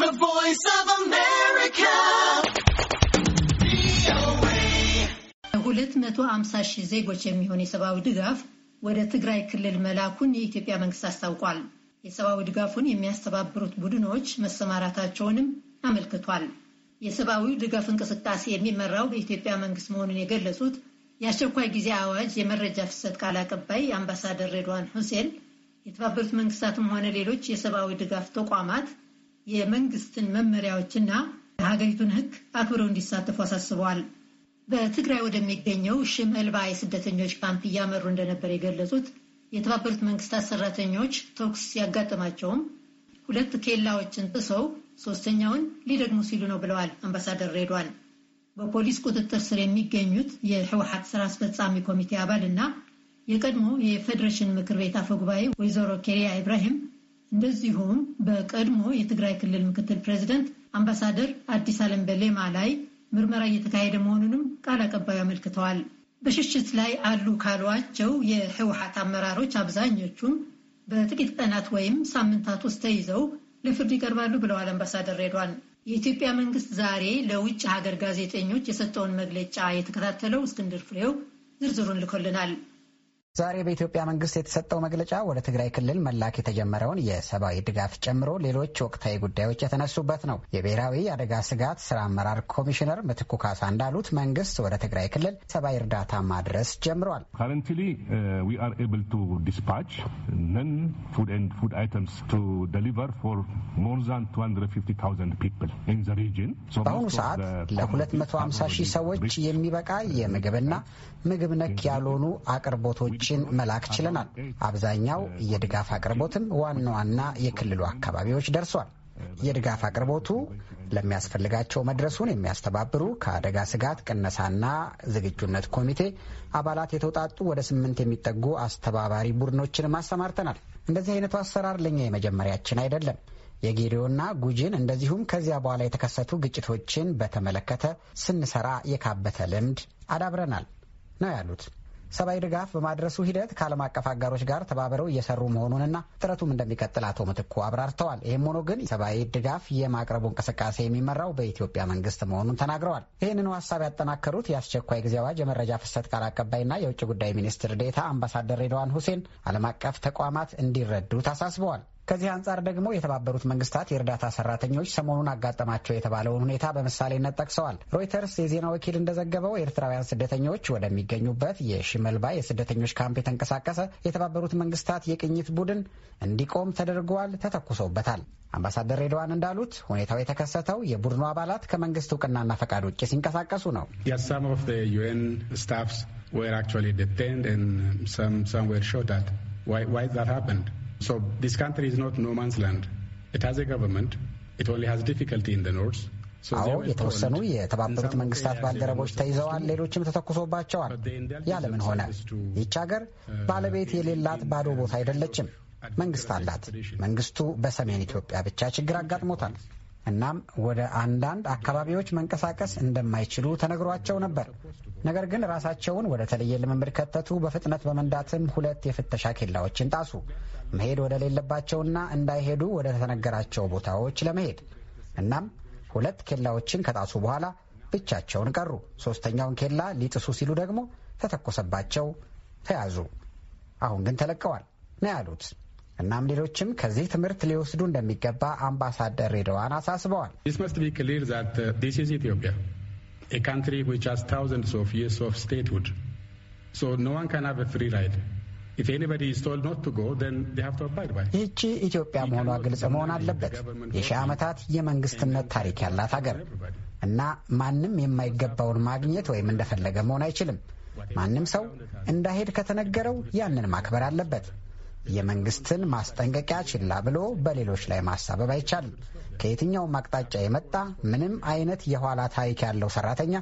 The Voice of America. ሁለት መቶ አምሳ ሺህ ዜጎች የሚሆን የሰብአዊ ድጋፍ ወደ ትግራይ ክልል መላኩን የኢትዮጵያ መንግስት አስታውቋል። የሰብአዊ ድጋፉን የሚያስተባብሩት ቡድኖች መሰማራታቸውንም አመልክቷል። የሰብአዊ ድጋፍ እንቅስቃሴ የሚመራው በኢትዮጵያ መንግስት መሆኑን የገለጹት የአስቸኳይ ጊዜ አዋጅ የመረጃ ፍሰት ቃል አቀባይ አምባሳደር ሬድዋን ሁሴን የተባበሩት መንግስታትም ሆነ ሌሎች የሰብአዊ ድጋፍ ተቋማት የመንግስትን መመሪያዎችና የሀገሪቱን ሕግ አክብረው እንዲሳተፉ አሳስበዋል። በትግራይ ወደሚገኘው ሽም እልባ የስደተኞች ካምፕ እያመሩ እንደነበር የገለጹት የተባበሩት መንግስታት ሰራተኞች ተኩስ ያጋጠማቸውም ሁለት ኬላዎችን ጥሰው ሶስተኛውን ሊደግሙ ሲሉ ነው ብለዋል አምባሳደር ሬድዋን። በፖሊስ ቁጥጥር ስር የሚገኙት የህወሀት ስራ አስፈጻሚ ኮሚቴ አባል እና የቀድሞ የፌዴሬሽን ምክር ቤት አፈጉባኤ ወይዘሮ ኬሪያ ኢብራሂም እንደዚሁም በቀድሞ የትግራይ ክልል ምክትል ፕሬዚደንት አምባሳደር አዲስ አለም በሌማ ላይ ምርመራ እየተካሄደ መሆኑንም ቃል አቀባዩ አመልክተዋል። በሽሽት ላይ አሉ ካሏቸው የህወሓት አመራሮች አብዛኞቹም በጥቂት ቀናት ወይም ሳምንታት ውስጥ ተይዘው ለፍርድ ይቀርባሉ ብለዋል አምባሳደር ሬድዋን። የኢትዮጵያ መንግስት ዛሬ ለውጭ ሀገር ጋዜጠኞች የሰጠውን መግለጫ የተከታተለው እስክንድር ፍሬው ዝርዝሩን ልኮልናል። ዛሬ በኢትዮጵያ መንግስት የተሰጠው መግለጫ ወደ ትግራይ ክልል መላክ የተጀመረውን የሰብአዊ ድጋፍ ጨምሮ ሌሎች ወቅታዊ ጉዳዮች የተነሱበት ነው። የብሔራዊ አደጋ ስጋት ስራ አመራር ኮሚሽነር ምትኩ ካሳ እንዳሉት መንግስት ወደ ትግራይ ክልል ሰብአዊ እርዳታ ማድረስ ጀምሯል። ካረንትሊ ዊ አር ኤብል ቱ ዲስፓች ነን ፉድ ኤንድ ፉድ አይተምስ ቱ ደሊቨር ፎር ሞር ዛን 250,000 ፒፕል ኢን ዘ ሪጅን። በአሁኑ ሰዓት ለ250 ሺህ ሰዎች የሚበቃ የምግብና ምግብ ነክ ያልሆኑ አቅርቦቶች ሰዎችን መላክ ችለናል። አብዛኛው የድጋፍ አቅርቦትም ዋና ዋና የክልሉ አካባቢዎች ደርሷል። የድጋፍ አቅርቦቱ ለሚያስፈልጋቸው መድረሱን የሚያስተባብሩ ከአደጋ ስጋት ቅነሳና ዝግጁነት ኮሚቴ አባላት የተውጣጡ ወደ ስምንት የሚጠጉ አስተባባሪ ቡድኖችንም አሰማርተናል። እንደዚህ አይነቱ አሰራር ለኛ የመጀመሪያችን አይደለም። የጌዲዮና ጉጂን እንደዚሁም ከዚያ በኋላ የተከሰቱ ግጭቶችን በተመለከተ ስንሰራ የካበተ ልምድ አዳብረናል ነው ያሉት። ሰብአዊ ድጋፍ በማድረሱ ሂደት ከዓለም አቀፍ አጋሮች ጋር ተባብረው እየሰሩ መሆኑንና ጥረቱም እንደሚቀጥል አቶ ምትኩ አብራርተዋል። ይህም ሆኖ ግን ሰብአዊ ድጋፍ የማቅረቡ እንቅስቃሴ የሚመራው በኢትዮጵያ መንግስት መሆኑን ተናግረዋል። ይህንኑ ሀሳብ ያጠናከሩት የአስቸኳይ ጊዜ አዋጅ የመረጃ ፍሰት ቃል አቀባይና የውጭ ጉዳይ ሚኒስትር ዴታ አምባሳደር ሬድዋን ሁሴን ዓለም አቀፍ ተቋማት እንዲረዱ ታሳስበዋል። ከዚህ አንጻር ደግሞ የተባበሩት መንግስታት የእርዳታ ሰራተኞች ሰሞኑን አጋጠማቸው የተባለውን ሁኔታ በምሳሌነት ጠቅሰዋል። ሮይተርስ የዜና ወኪል እንደዘገበው ኤርትራውያን ስደተኞች ወደሚገኙበት የሽመልባ የስደተኞች ካምፕ የተንቀሳቀሰ የተባበሩት መንግስታት የቅኝት ቡድን እንዲቆም ተደርጓል፣ ተተኩሶበታል። አምባሳደር ሬድዋን እንዳሉት ሁኔታው የተከሰተው የቡድኑ አባላት ከመንግስት እውቅናና ፈቃድ ውጭ ሲንቀሳቀሱ ነው። ስታፍስ So this country is not no man's land. It has a government. It only has difficulty in the north. አዎ የተወሰኑ የተባበሩት መንግስታት ባልደረቦች ተይዘዋል፣ ሌሎችም ተተኩሶባቸዋል። ያለምን ሆነ ይች ሀገር uh, ባለቤት የሌላት ባዶ ቦታ አይደለችም። መንግስት አላት። መንግስቱ በሰሜን ኢትዮጵያ ብቻ ችግር አጋጥሞታል። እናም ወደ አንዳንድ አካባቢዎች መንቀሳቀስ እንደማይችሉ ተነግሯቸው ነበር። ነገር ግን ራሳቸውን ወደ ተለየ ልምምድ ከተቱ። በፍጥነት በመንዳትም ሁለት የፍተሻ ኬላዎችን ጣሱ። መሄድ ሌለባቸውና እንዳይሄዱ ወደ ተነገራቸው ቦታዎች ለመሄድ እናም ሁለት ኬላዎችን ከጣሱ በኋላ ብቻቸውን ቀሩ። ሶስተኛውን ኬላ ሊጥሱ ሲሉ ደግሞ ተተኮሰባቸው፣ ተያዙ። አሁን ግን ተለቀዋል ነው ያሉት። እናም ሌሎችም ከዚህ ትምህርት ሊወስዱ እንደሚገባ አምባሳደር ሬድዋን አሳስበዋል። a country which has thousands of years of statehood. So no one can have a free ride. ይህቺ ኢትዮጵያ መሆኗ ግልጽ መሆን አለበት። የሺህ ዓመታት የመንግስትነት ታሪክ ያላት ሀገር እና ማንም የማይገባውን ማግኘት ወይም እንደፈለገ መሆን አይችልም። ማንም ሰው እንዳሄድ ከተነገረው ያንን ማክበር አለበት። የመንግስትን ማስጠንቀቂያ ችላ ብሎ በሌሎች ላይ ማሳበብ አይቻልም። ከየትኛውም አቅጣጫ የመጣ ምንም አይነት የኋላ ታሪክ ያለው ሰራተኛ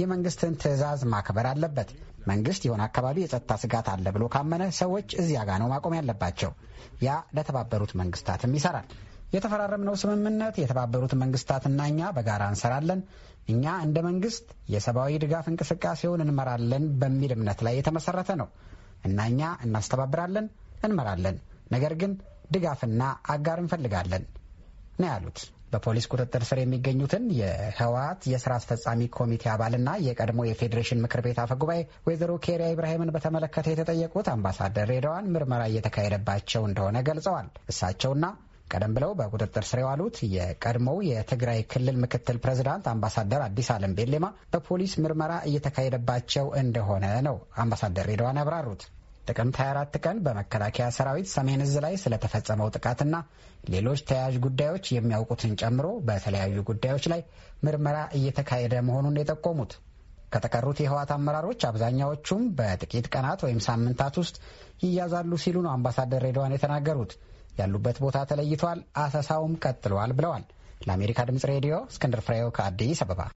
የመንግስትን ትዕዛዝ ማክበር አለበት። መንግስት የሆነ አካባቢ የጸጥታ ስጋት አለ ብሎ ካመነ ሰዎች እዚያ ጋ ነው ማቆም ያለባቸው። ያ ለተባበሩት መንግስታትም ይሰራል። የተፈራረምነው ስምምነት የተባበሩት መንግስታትና እኛ በጋራ እንሰራለን፣ እኛ እንደ መንግስት የሰብአዊ ድጋፍ እንቅስቃሴውን እንመራለን በሚል እምነት ላይ የተመሰረተ ነው እና እኛ እናስተባብራለን እንመራለን፣ ነገር ግን ድጋፍና አጋር እንፈልጋለን ነው ያሉት። በፖሊስ ቁጥጥር ስር የሚገኙትን የህወሓት የስራ አስፈጻሚ ኮሚቴ አባልና የቀድሞ የፌዴሬሽን ምክር ቤት አፈ ጉባኤ ወይዘሮ ኬሪያ ኢብራሂምን በተመለከተ የተጠየቁት አምባሳደር ሬዳዋን ምርመራ እየተካሄደባቸው እንደሆነ ገልጸዋል። እሳቸውና ቀደም ብለው በቁጥጥር ስር የዋሉት የቀድሞው የትግራይ ክልል ምክትል ፕሬዚዳንት አምባሳደር አዲስ አለም ቤሌማ በፖሊስ ምርመራ እየተካሄደባቸው እንደሆነ ነው አምባሳደር ሬዳዋን ያብራሩት። ጥቅምት 24 ቀን በመከላከያ ሰራዊት ሰሜን እዝ ላይ ስለተፈጸመው ጥቃትና ሌሎች ተያያዥ ጉዳዮች የሚያውቁትን ጨምሮ በተለያዩ ጉዳዮች ላይ ምርመራ እየተካሄደ መሆኑን የጠቆሙት ከተቀሩት የህወሓት አመራሮች አብዛኛዎቹም በጥቂት ቀናት ወይም ሳምንታት ውስጥ ይያዛሉ ሲሉ ነው አምባሳደር ሬድዋን የተናገሩት። ያሉበት ቦታ ተለይቷል፣ አሰሳውም ቀጥሏል ብለዋል። ለአሜሪካ ድምጽ ሬዲዮ እስክንድር ፍሬው ከአዲስ አበባ